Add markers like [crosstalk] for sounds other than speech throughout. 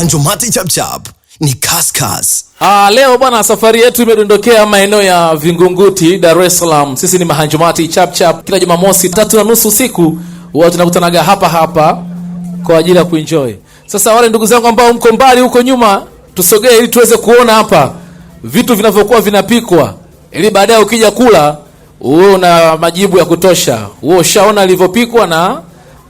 Banjomati chapchap ni kaskas. Ah, leo bwana, safari yetu imedondokea maeneo ya Vingunguti, Dar es Salaam. Sisi ni mahanjumati chapchap, kila Jumamosi tatu na nusu usiku huwa tunakutanaga hapa hapa kwa ajili ya kuenjoy. Sasa wale ndugu zangu ambao mko mbali huko nyuma, tusogee ili tuweze kuona hapa vitu vinavyokuwa vinapikwa, ili baadaye ukija kula uwe una majibu ya kutosha. Wewe ushaona ilivyopikwa na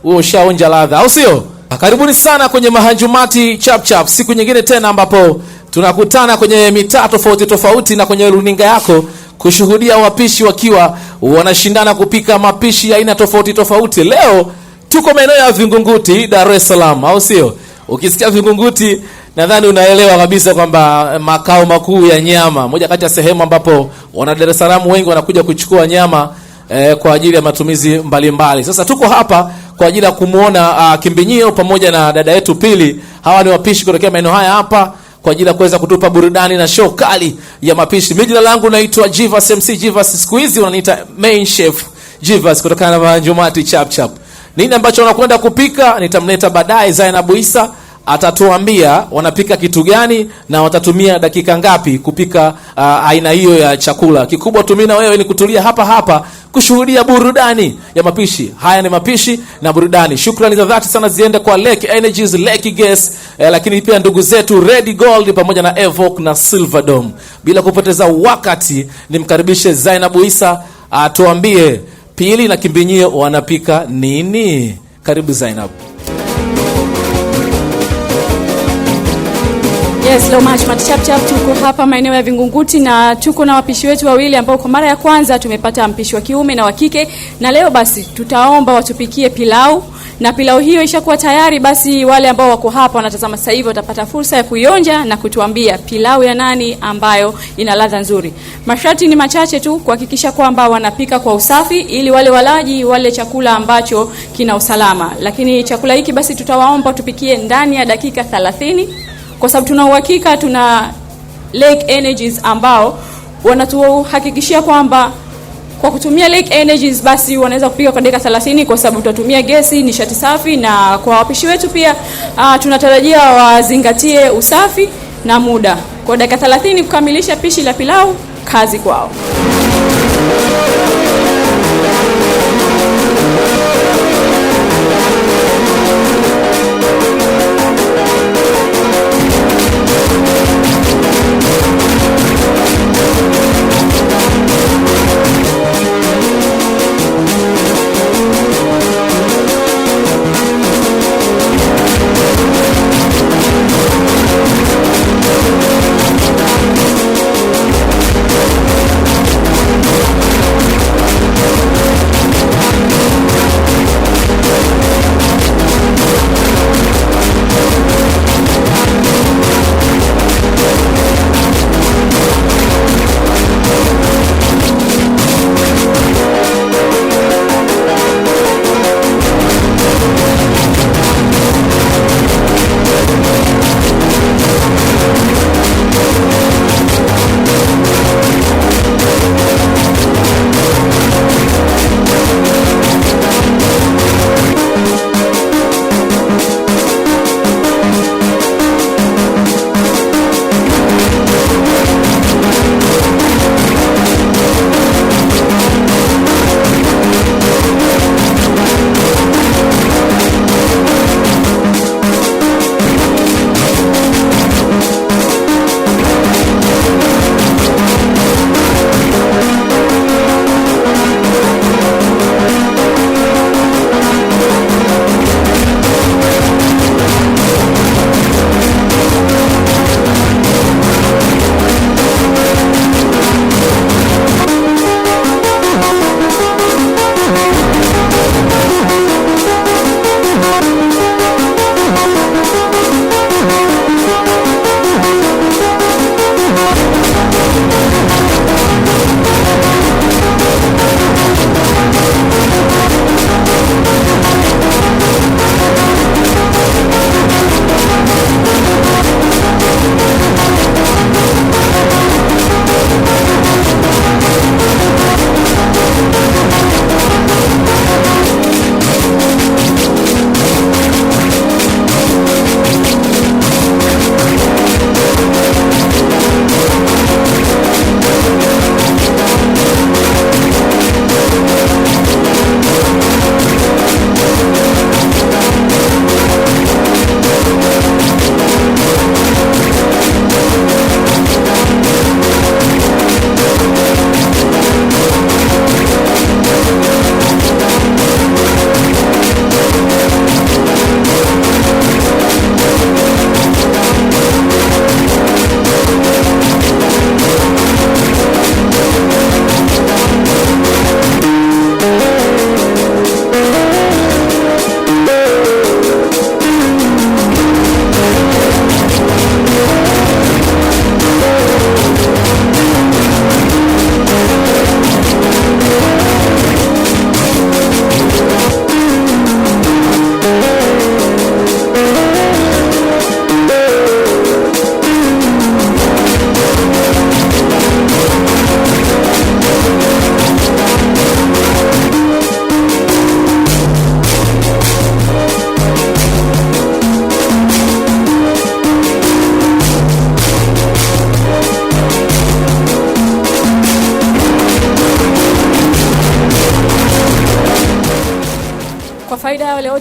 wewe ushaonja ladha, au sio? Karibuni sana kwenye Mahanjumati Chap Chap, siku nyingine tena ambapo tunakutana kwenye mitaa tofauti tofauti na kwenye runinga yako kushuhudia wapishi wakiwa wanashindana kupika mapishi ya aina tofauti tofauti. Leo tuko maeneo ya Vingunguti, Dar es Salaam, au sio? Ukisikia Vingunguti nadhani unaelewa kabisa kwamba makao makuu ya nyama, moja kati ya sehemu ambapo wana Dar es Salaam wengi wanakuja kuchukua nyama eh, kwa ajili ya matumizi mbalimbali mbali. Sasa tuko hapa kwa ajili ya kumwona uh, ah, Kimbinyio pamoja na dada yetu Pili. Hawa ni wapishi kutokea maeneo haya hapa kwa ajili ya kuweza kutupa burudani na show kali ya mapishi. Mimi jina langu naitwa Jivas MC Jivas, siku hizi wananiita main chef Jivas kutokana na Jumati chap chap. Nini ambacho unakwenda kupika nitamleta baadaye Zainabu Isa atatuambia wanapika kitu gani na watatumia dakika ngapi kupika uh, aina hiyo ya chakula. Kikubwa tumi na wewe ni kutulia hapa hapa kushuhudia burudani ya mapishi. Haya ni mapishi na burudani. Shukrani za dhati sana ziende kwa Lake Energies, Lake Gas, eh, lakini pia ndugu zetu Red Gold pamoja na evok na Silver Dome. Bila kupoteza wakati nimkaribishe Zainabu Isa atuambie Pili na Kimbinyio wanapika nini? Karibu Zainabu. Yes, Lomash chap tuko hapa maeneo ya Vingunguti na tuko na wapishi wetu wawili ambao kwa mara ya kwanza tumepata mpishi wa kiume na wa kike, na leo basi tutaomba watupikie pilau na pilau hiyo ishakuwa tayari. Basi wale ambao wako hapa wanatazama sasa hivi watapata fursa ya kuionja na kutuambia pilau ya nani ambayo ina ladha nzuri. Masharti ni machache tu, kuhakikisha kwamba wanapika kwa usafi, ili wale walaji wale chakula ambacho kina usalama. Lakini chakula hiki basi tutawaomba tupikie ndani ya dakika 30 kwa sababu tuna uhakika tuna Lake Energies ambao wanatuhakikishia kwamba kwa kutumia Lake Energies basi wanaweza kupika kwa dakika 30 kwa sababu tutatumia gesi, nishati safi, na kwa wapishi wetu pia uh, tunatarajia wazingatie usafi na muda. Kwa dakika 30 kukamilisha pishi la pilau, kazi kwao.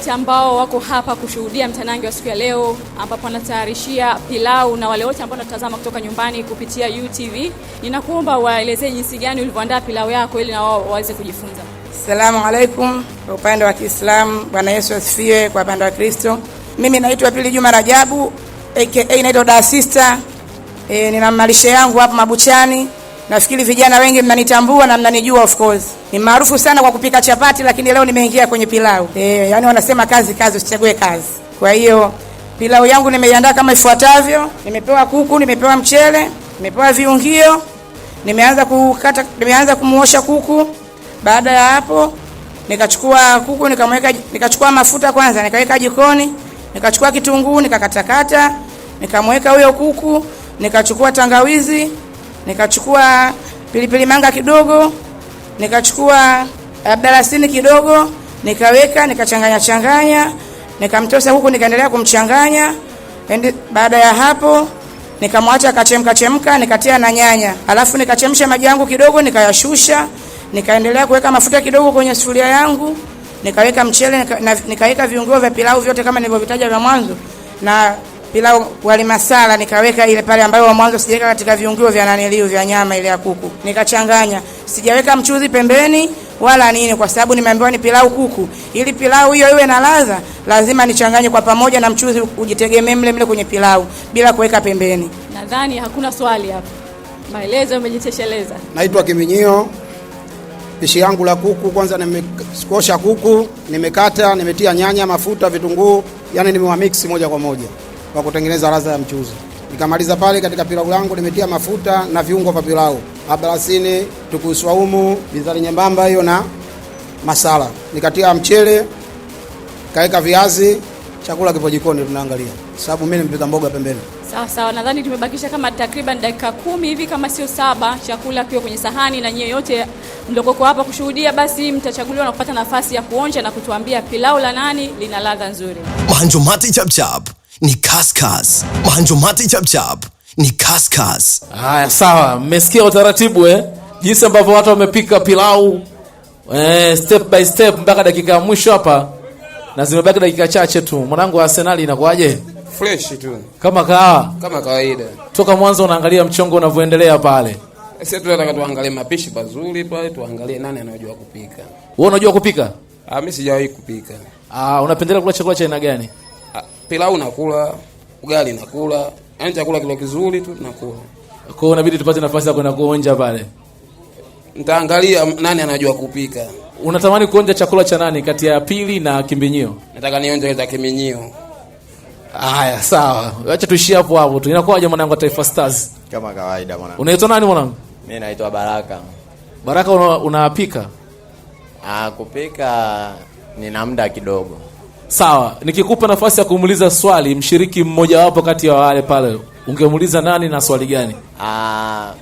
wote ambao wako hapa kushuhudia mtanange wa siku ya leo, ambapo wanatayarishia pilau na wale wote ambao wanatazama kutoka nyumbani kupitia UTV, ninakuomba waelezee jinsi gani ulivyoandaa pilau yako ili na wao waweze kujifunza. salamu alaikum. Kwa upande wa Kiislamu, Bwana Yesu asifiwe. Kwa upande wa Kristo, mimi naitwa Pili Juma Rajabu aka naitwa Da Sister. E, nina malishe yangu hapa Mabuchani Nafikiri vijana wengi mnanitambua na mnanijua, of course ni maarufu sana kwa kupika chapati, lakini leo nimeingia kwenye pilau. Eh, yani wanasema kazi kazi, usichague kazi. Kwa hiyo pilau yangu nimeiandaa kama ifuatavyo. Nimepewa kuku, nimepewa mchele, nimepewa viungio, nimeanza kukata, nimeanza kumuosha kuku. Baada ya hapo, nikachukua kuku nikamweka, nikachukua mafuta kwanza, nikaweka jikoni, nikachukua kitunguu, nikakatakata, nikamweka huyo kuku, nikachukua tangawizi nikachukua pilipili manga kidogo, nikachukua abdalasini eh, kidogo, nikaweka nikachanganya changanya, nikamtosa huku, nikaendelea kumchanganya. Baada ya hapo nikamwacha akachemka chemka, nikatia na nyanya, alafu nikachemsha maji yangu kidogo, nikayashusha, nikaendelea kuweka mafuta kidogo kwenye sufuria yangu, nikaweka mchele, nikaweka viungo vya pilau vyote kama nilivyovitaja vya mwanzo na pilau wali masala, nikaweka ile pale ambayo mwanzo sijaweka katika viungio vya naniliu vya nyama ile ya kuku, nikachanganya, sijaweka mchuzi pembeni wala nini, kwa sababu nimeambiwa ni pilau kuku. Ili pilau hiyo iwe na ladha, lazima nichanganye kwa pamoja na mchuzi ujitegemee mle mle kwenye pilau bila kuweka pembeni. Nadhani hakuna swali hapa, maelezo yamejitesheleza Naitwa Kiminyio. Pishi yangu la kuku, kwanza nimekosha kuku, nimekata, nimetia nyanya, mafuta, vitunguu, yani nimewamix moja kwa moja wa kutengeneza ladha ya mchuzi. Nikamaliza pale katika pilau langu, nimetia mafuta na viungo vya pilau, abarasini, tukuu swaumu, bizari nyembamba hiyo na masala, nikatia mchele, kaweka viazi. Chakula kipo jikoni, tunaangalia sababu mimi nimepika mboga pembeni. Sawa sawa, nadhani tumebakisha kama takriban dakika kumi hivi kama sio saba, chakula kiwa kwenye sahani, na nyie yote mliokoko hapa kushuhudia, basi mtachaguliwa na kupata nafasi ya kuonja na kutuambia pilau la nani lina ladha nzuri. Manjumati chapchap ni Kaskas. Mahanjumati chapchap ni Kaskas. Haya, sawa, mmesikia utaratibu eh? Jinsi ambavyo watu wamepika pilau eh, step by step mpaka dakika ya mwisho hapa, na zimebaki dakika chache tu. Mwanangu wa arsenali inakuwaje? Fresh tu kama kawa, kama kawaida. Toka mwanzo unaangalia mchongo unavyoendelea pale. Sasa tunataka tuangalie mapishi pazuri pale, tuangalie nani anayojua kupika. Wewe unajua kupika? Ah, mimi sijawahi kupika. Ah, unapendelea kula chakula cha aina gani? pilau nakula, ugali nakula, yani chakula kile kizuri tu nakula. Kwa hiyo inabidi tupate nafasi ya kwenda kuonja pale. Nitaangalia nani anajua kupika. Unatamani kuonja chakula cha nani kati ya pili na kimbinyio? Nataka nionje cha kimbinyio. Haya, sawa. Acha tuishie hapo hapo tu. Inakuwa aje mwanangu Taifa Stars? Kama kawaida mwanangu. Unaitwa nani mwanangu? Mimi naitwa Baraka. Baraka, unapika? Una ah, kupika nina muda kidogo. Sawa, nikikupa nafasi ya kumuuliza swali mshiriki mmoja wapo kati ya wale pale, ungemuuliza nani na swali gani? Ah,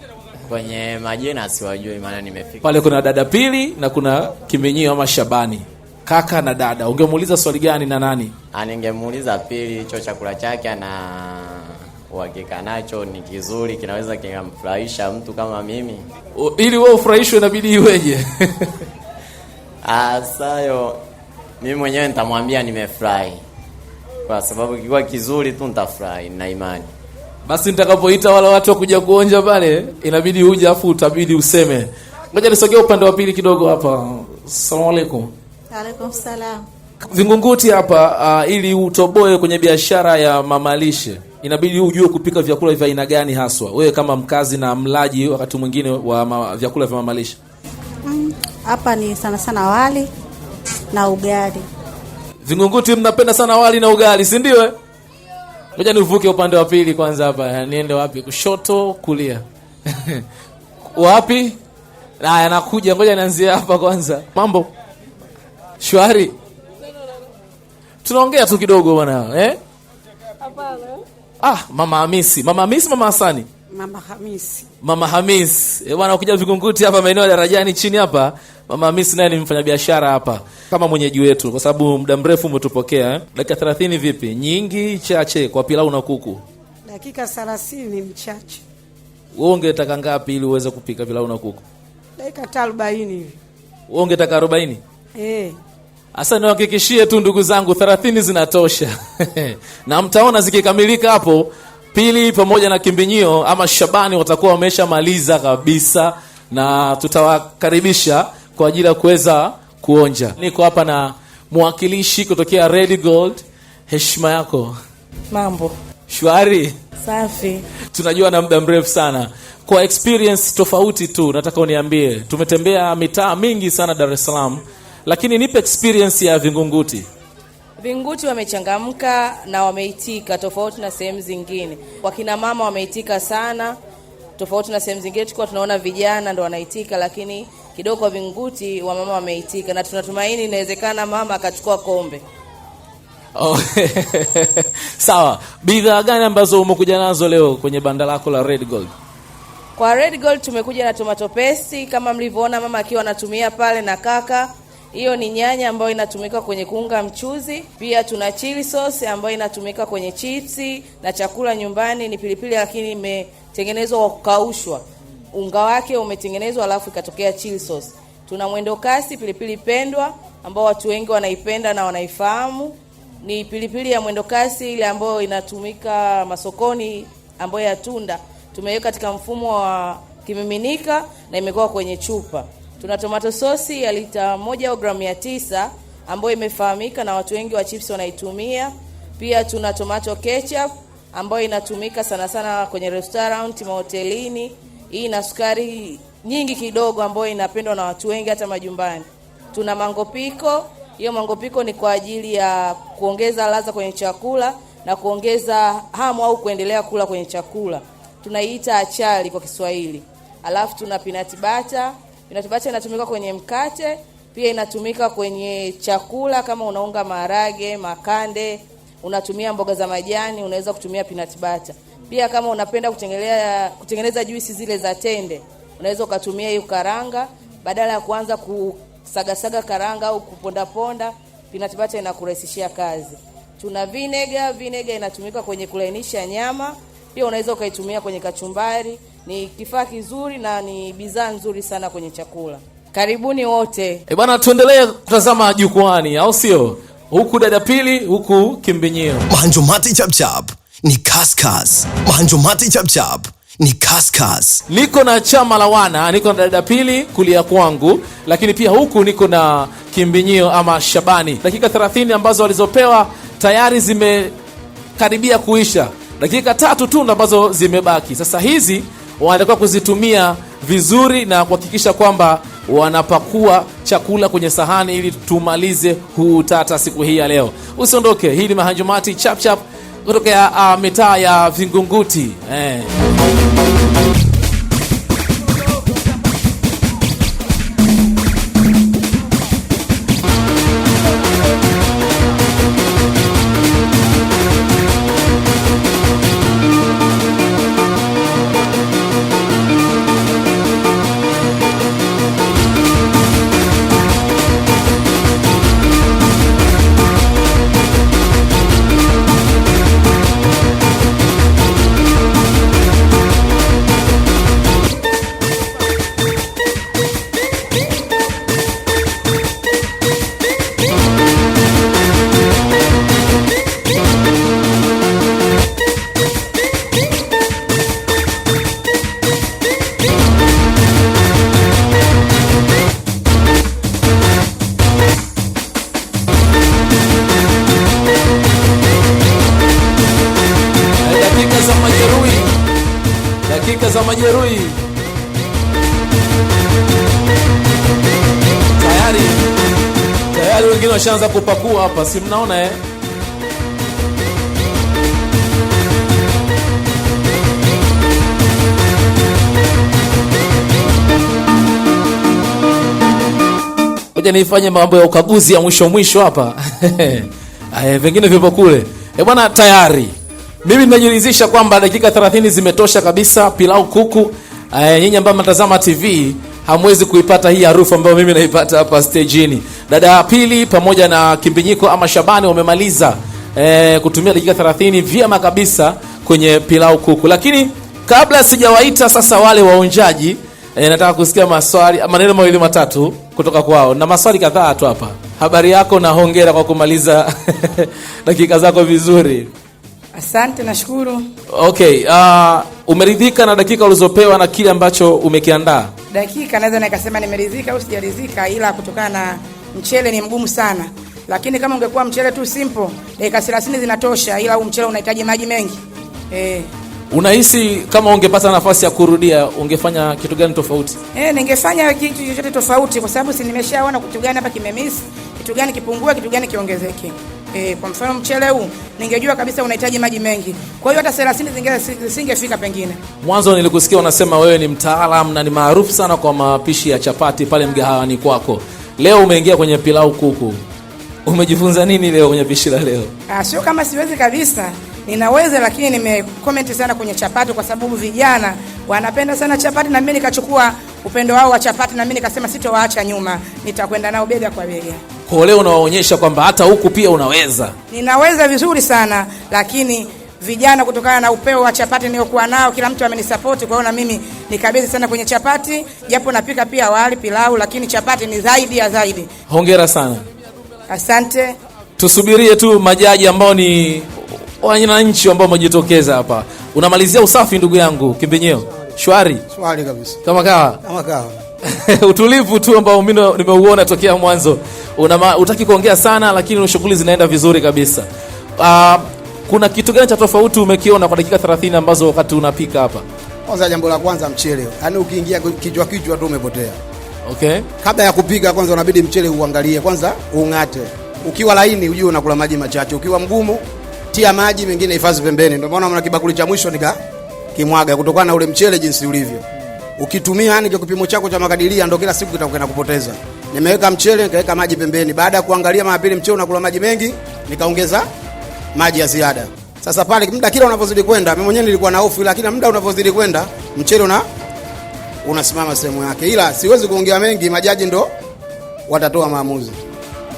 kwenye majina siwajui, maana nimefika pale. Kuna dada Pili na kuna Kimenyio ama Shabani, kaka na dada. Ungemuuliza swali gani na nani? Ah, ningemuuliza Pili, hicho chakula chake na uhakika nacho ni kizuri, kinaweza kingamfurahisha mtu kama mimi. Ili wewe ufurahishwe inabidi iweje? Asayo [laughs] ah, mimi mwenyewe nitamwambia nimefurahi, kwa sababu kikiwa kizuri tu nitafurahi na imani. Basi nitakapoita wale watu wakuja kuonja pale, inabidi uje, afu utabidi useme. Ngoja nisogee upande wa pili kidogo hapa. Asalamu alaykum. Alaykum salam. Vingunguti hapa uh, ili utoboe kwenye biashara ya mamalishe inabidi ujue kupika vyakula vya aina gani haswa, wewe kama mkazi na mlaji wakati mwingine wa ma, vyakula vya mamalishe mm, hapa mm, ni sana sana wali na ugali. Vingunguti mnapenda sana wali na ugali, si ndio? Eh? Ngoja nivuke upande wa pili kwanza hapa. Eh, niende wapi? Kushoto, kulia. [laughs] Wapi? Haya, nakuja. Ngoja nianzie hapa kwanza. Mambo shwari, tunaongea tu kidogo bwana eh? Hapana. Ah, mama Hamisi, mama Hamisi, mama Hasani, mama Hamisi, mama Hamisi eh, bwana, ukija Vingunguti hapa maeneo ya Darajani chini hapa Mama Hamisi naye ni mfanyabiashara hapa kama mwenyeji wetu, kwa sababu muda mrefu umetupokea eh? dakika 30 vipi, nyingi chache kwa pilau na kuku? Dakika 30 mchache. Wewe ungetaka ngapi ili uweze kupika pilau na kuku? Dakika 40 hivi. Wewe ungetaka 40? Eh. Sasa niwahakikishie tu ndugu zangu 30 zinatosha. [laughs] na mtaona zikikamilika hapo Pili pamoja na Kimbinyio ama Shabani watakuwa wameshamaliza kabisa na tutawakaribisha kwa ajili ya kuweza kuonja. Niko hapa na mwakilishi kutokea Red Gold. Heshima yako. Mambo shwari? Safi. Tunajua na muda mrefu sana, kwa experience tofauti tu, nataka uniambie, tumetembea mitaa mingi sana Dar es Salaam, lakini nipe experience ya Vingunguti. Vingunguti wamechangamka na wameitika, tofauti na sehemu zingine. Wakina mama wameitika sana, tofauti na sehemu zingine. tukiwa tunaona vijana ndo wanaitika, lakini Kidogo vinguti wa mama wameitika, na tunatumaini inawezekana mama akachukua kombe. Oh, [laughs] sawa. Bidhaa gani ambazo umekuja nazo leo kwenye banda lako la Red Gold? Kwa Red Gold tumekuja na tomato paste kama mlivyoona mama akiwa anatumia pale, na kaka, hiyo ni nyanya ambayo inatumika kwenye kuunga mchuzi. Pia tuna chili sauce ambayo inatumika kwenye chipsi na chakula nyumbani. Ni pilipili lakini imetengenezwa kwa kukaushwa unga wake umetengenezwa alafu ikatokea chili sauce. Tuna mwendo kasi pilipili pendwa ambao watu wengi wanaipenda na wanaifahamu. Ni pilipili ya mwendo kasi ile ambayo inatumika masokoni ambayo ya tunda. Tumeweka katika mfumo wa kimiminika na imekuwa kwenye chupa. Tuna tomato sosi ya lita moja au gramu mia tisa ambayo imefahamika na watu wengi wa chips wanaitumia. Pia tuna tomato ketchup ambayo inatumika sana sana kwenye restaurant, mahotelini hii na sukari nyingi kidogo, ambayo inapendwa na watu wengi hata majumbani. Tuna mangopiko. Hiyo mangopiko ni kwa ajili ya kuongeza ladha kwenye chakula na kuongeza hamu au kuendelea kula kwenye chakula. Tunaiita achari kwa Kiswahili. Alafu tuna pinatibata butter. inatumika kwenye mkate, pia inatumika kwenye chakula kama unaunga maharage, makande, unatumia mboga za majani, unaweza kutumia pinatibata pia kama unapenda kutengelea, kutengeneza juisi zile za tende, unaweza ukatumia hiyo karanga badala ya kuanza kusagasaga karanga au kupondaponda. Peanut butter inakurahisishia kazi. Tuna vinega, vinega inatumika kwenye kulainisha nyama, pia unaweza ukaitumia kwenye kachumbari. Ni kifaa kizuri na ni bidhaa nzuri sana kwenye chakula. Karibuni wote. E bwana, tuendelee kutazama jukwani, au sio? Huku dada pili, huku kimbinyio. Manjo mati chap chap ni Kaskas. Mahanjumati chapchap ni Kaskas. Niko na chama la wana, niko na dada pili kulia kwangu, lakini pia huku niko na kimbinyio ama Shabani. Dakika 30 ambazo walizopewa tayari zimekaribia kuisha, dakika tatu tu ambazo zimebaki. Sasa hizi wanatakiwa kuzitumia vizuri na kuhakikisha kwamba wanapakua chakula kwenye sahani ili tumalize huu tata siku hii ya leo. Usiondoke, hii ni Mahanjumati chapchap kutokea uh, mitaa ya Vingunguti eh. washaanza kupakua hapa, si mnaona eh? nifanye mambo ya ukaguzi ya mwisho mwisho hapa Aye, [laughs] eh, vingine vipo kule. Eh bwana, tayari mimi najirizisha kwamba dakika 30 zimetosha kabisa. Pilau kuku, eh, nyinyi ambao mnatazama TV hamwezi kuipata hii harufu ambayo mimi naipata hapa stejini. Dada ya pili pamoja na Kimbinyiko ama Shabani wamemaliza e, kutumia dakika 30 vyema kabisa kwenye pilau kuku, lakini kabla sijawaita sasa wale waonjaji e, nataka kusikia maswali maneno mawili matatu kutoka kwao na maswali kadhaa tu hapa. Habari yako na hongera kwa kumaliza [laughs] dakika zako vizuri. Asante, nashukuru. Okay, uh, umeridhika na dakika ulizopewa na kile ambacho umekiandaa? Dakika naweza nikasema nimeridhika au sijaridhika, ila kutokana na mchele ni mgumu sana, lakini kama ungekuwa mchele tu simple dakika 30 zinatosha, ila huu mchele unahitaji maji mengi eh. Unahisi kama ungepata nafasi ya kurudia ungefanya kitu gani tofauti? Eh, ningefanya kitu chochote tofauti kwa sababu si nimeshaona kitu gani hapa kimemis, kitu gani kipungue, kitu gani kiongezeke. Eh, kwa mfano mchele huu ningejua kabisa unahitaji maji mengi, kwa hiyo hata 30 zingine zisingefika. Pengine mwanzo nilikusikia unasema wewe ni mtaalamu na ni maarufu sana kwa mapishi ya chapati pale mgahawani kwako. Leo umeingia kwenye pilau kuku, umejifunza nini leo kwenye pishi la leo? Ah, sio kama siwezi kabisa, ninaweza, lakini nimekomenti sana kwenye chapati, kwa sababu vijana wanapenda sana chapati, na mimi nikachukua upendo wao wa chapati, na mimi nikasema sitowaacha nyuma, nitakwenda nao bega kwa bega. Kwa leo unawaonyesha kwamba hata huku pia unaweza. Ninaweza vizuri sana lakini vijana kutokana na upeo wa chapati niliokuwa nao, kila mtu amenisapoti. Kwa hiyo na mimi nikabidhi sana kwenye chapati, japo napika pia wali, pilau, lakini chapati ni zaidi ya zaidi. Hongera sana, asante. Tusubirie tu majaji ambao ni wananchi ambao wamejitokeza hapa. Unamalizia usafi, ndugu yangu Kimbenyeo? Shwari, shwari kabisa, kama kawa, kama kawa. [laughs] Utulivu tu ambao mimi nimeuona tokea mwanzo. Unama, utaki kuongea sana lakini shughuli zinaenda vizuri kabisa. Uh, kuna kitu gani cha tofauti umekiona kwa dakika 30 ambazo wakati unapika hapa? Kwanza, jambo la kwanza mchele, yaani ukiingia kichwa kichwa tu umepotea. Okay, kabla ya kupika kwanza unabidi mchele uangalie kwanza, ung'ate. Ukiwa laini ujue unakula maji machache, ukiwa mgumu tia maji mengine, hifadhi pembeni. Ndio maana mna kibakuli cha mwisho nika kimwaga kutokana na ule mchele jinsi ulivyo. Ukitumia yani kwa kipimo chako cha makadiria, ndio kila siku kitakuwa kinakupoteza. Nimeweka mchele nikaweka maji pembeni, baada ya kuangalia mara pili mchele unakula maji mengi, nikaongeza maji ya ziada. Sasa pale muda kila unavyozidi kwenda, mimi mwenyewe nilikuwa na hofu, lakini muda unavyozidi kwenda mchele una unasimama sehemu yake, ila siwezi kuongea mengi, majaji ndo watatoa maamuzi.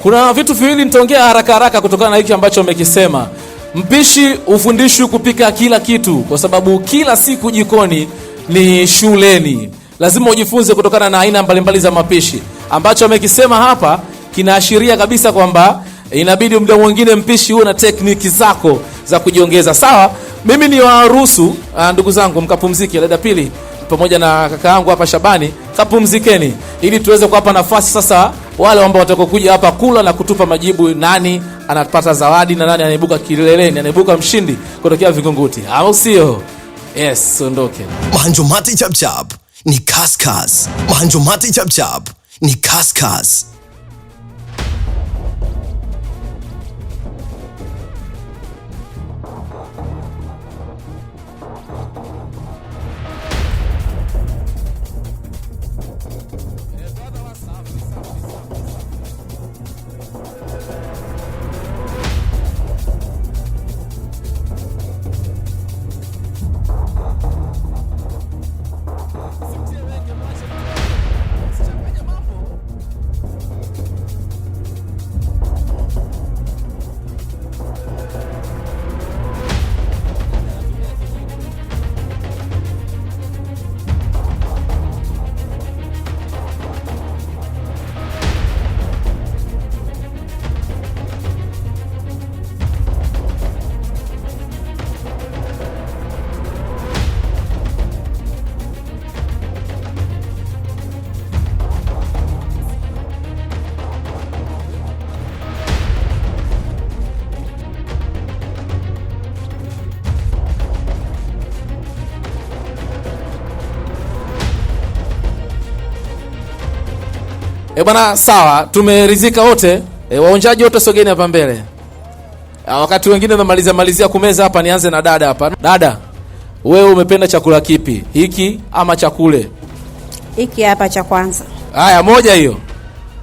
Kuna vitu viwili nitaongea haraka haraka kutokana na hiki ambacho umekisema. Mpishi ufundishwi kupika kila kitu, kwa sababu kila siku jikoni ni shuleni. Lazima ujifunze kutokana na aina mbalimbali za mapishi. Ambacho amekisema hapa kinaashiria kabisa kwamba Eh, inabidi mda mwingine mpishi huwe na tekniki zako za kujiongeza. Sawa, mimi ni waruhusu ah, ndugu zangu mkapumzike, dada Pili pamoja na kaka yangu hapa Shabani, kapumzikeni ili tuweze kuwapa nafasi sasa wale ambao watakokuja hapa kula na kutupa majibu, nani anapata zawadi na nani anaibuka kileleni, anaibuka mshindi kutokea vigunguti au sio? Yes, ondoke. Mahanjumati chapchap ni kaskas, mahanjumati chapchap ni kaskas. E bwana, sawa, tumeridhika wote. E, waonjaji wote sogeni hapa mbele. Ah, wakati wengine namalizia malizia kumeza hapa, nianze na dada hapa. Dada, wewe umependa chakula kipi, hiki ama chakule hiki? Hapa cha kwanza. Haya, moja hiyo.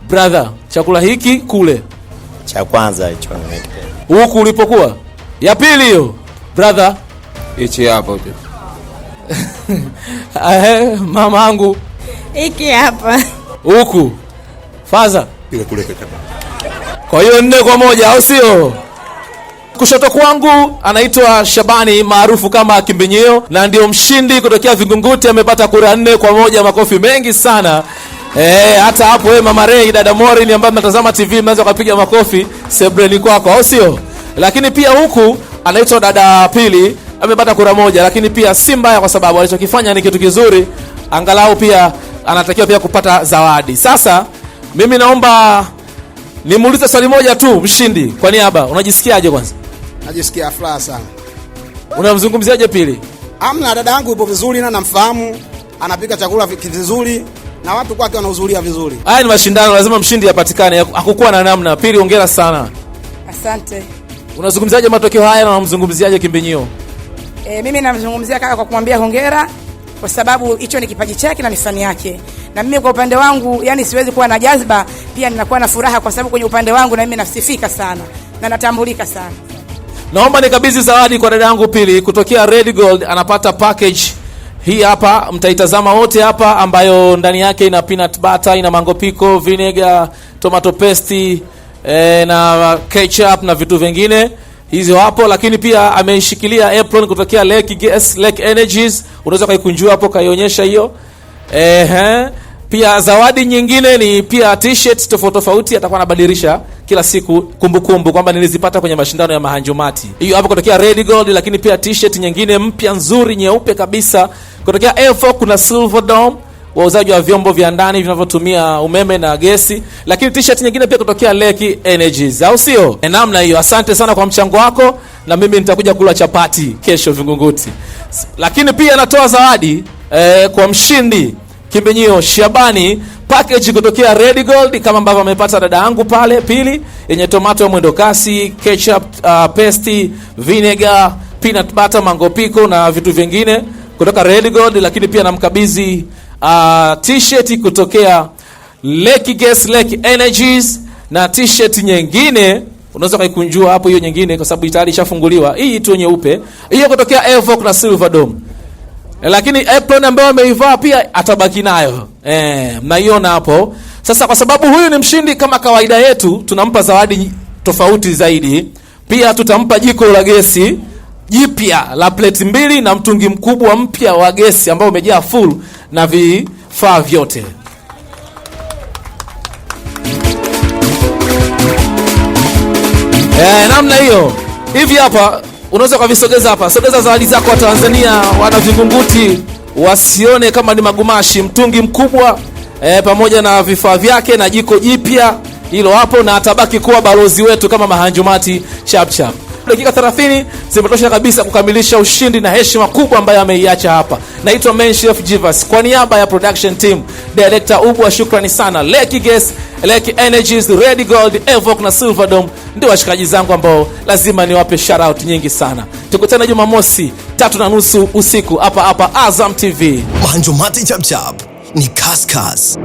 Brother, chakula hiki kule cha kwanza hicho huku ulipokuwa, ya pili hiyo. Brother, hichi hapo. [laughs] Mama angu, hiki hapa huku Faza ile kule kaka. Kwa hiyo nne kwa moja au sio? Kushoto kwangu anaitwa Shabani maarufu kama Kimbinyio na ndio mshindi kutokea Vingunguti, amepata kura nne kwa moja, makofi mengi sana. Eh, hata hapo wewe Mama Rei, dada Morin ambaye mnatazama TV mnaweza kupiga makofi sebreni kwako au sio? Lakini pia huku anaitwa dada pili amepata kura moja, lakini pia si mbaya kwa sababu alichokifanya ni kitu kizuri, angalau pia anatakiwa pia kupata zawadi. Sasa mimi naomba nimuulize swali moja tu mshindi, kwa niaba, unajisikiaje? Kwanza najisikia furaha sana. Unamzungumziaje Pili? Amna, dada yangu yupo vizuri na namfahamu, anapika chakula vizuri na watu kwake wanahudhuria vizuri. Haya ni mashindano, lazima mshindi apatikane, hakukuwa na namna. Pili, hongera sana. Asante. Unazungumziaje matokeo haya na unamzungumziaje Kimbinyio? E, eh, mimi namzungumzia kaka kwa kumwambia hongera, kwa sababu hicho ni kipaji chake na ni yake na mimi kwa upande wangu, yani siwezi kuwa na jazba, pia ninakuwa na furaha kwa sababu kwenye upande wangu na mimi nasifika sana na natambulika sana. Naomba nikabidhi zawadi kwa dada yangu Pili kutokea Red Gold, anapata package hii hapa, mtaitazama wote hapa, ambayo ndani yake ina peanut butter, ina mango pico, vinegar, tomato paste e, na ketchup na vitu vingine hizo hapo, lakini pia ameishikilia apron kutokea Lake Gas, Lake Energies. Unaweza kaikunjua hapo, kaionyesha hiyo ehe. Pia zawadi nyingine ni pia t-shirt tofauti tofauti, atakuwa anabadilisha kila siku kumbukumbu kwamba nilizipata kwenye mashindano ya mahanjumati. Hiyo hapo kutokea Red Gold, lakini pia t-shirt nyingine mpya nzuri nyeupe kabisa kutokea F4. Kuna Silver Dome wauzaji wa vyombo vya ndani vinavyotumia umeme na gesi, lakini t-shirt nyingine pia kutokea lake Energies, au sio? E, namna hiyo. Asante sana kwa mchango wako, na mimi nitakuja kula chapati kesho Vingunguti, lakini pia natoa zawadi eh, kwa mshindi kimbinyio Shabani package kutokea Red Gold kama ambavyo amepata dada yangu pale, pili yenye tomato ya mwendo kasi, ketchup, uh, paste, vinegar, peanut butter, mango pico na vitu vingine kutoka Red Gold, lakini pia namkabidhi uh, t-shirt kutokea Lake Gas Lake Energies na t-shirt nyingine unaweza kaikunjua hapo, hiyo nyingine kwa sababu tayari ishafunguliwa. Hii tu nyeupe hiyo kutokea evok na Silver Dome. Eh, lakini apron ambayo ameivaa pia atabaki nayo eh, mnaiona hapo. Sasa kwa sababu huyu ni mshindi, kama kawaida yetu, tunampa zawadi tofauti zaidi. Pia tutampa jiko la gesi jipya la pleti mbili na mtungi mkubwa mpya wa gesi ambao umejaa full na vifaa vyote. Eh, namna hiyo hivi hapa unaweza ukavisogeza hapa. Sogeza zawadi zako, wa Tanzania wana Vingunguti wasione kama ni magumashi. Mtungi mkubwa e, pamoja na vifaa vyake na jiko jipya hilo hapo, na atabaki kuwa balozi wetu kama Mahanjumati chapchap dakika 30 zimetosha kabisa kukamilisha ushindi na heshima kubwa ambayo ameiacha hapa. Naitwa Menchef Jivas kwa niaba ya production team, director Ubwa, shukrani sana. Lucky Guest, Lucky Energies, Red Gold, Evoke na silverdom ndio washikaji zangu ambao lazima niwape shout out nyingi sana. Tukutane Jumamosi tatu na nusu usiku hapa hapa Azam TV. Mahanjumati chap chap ni kaskas.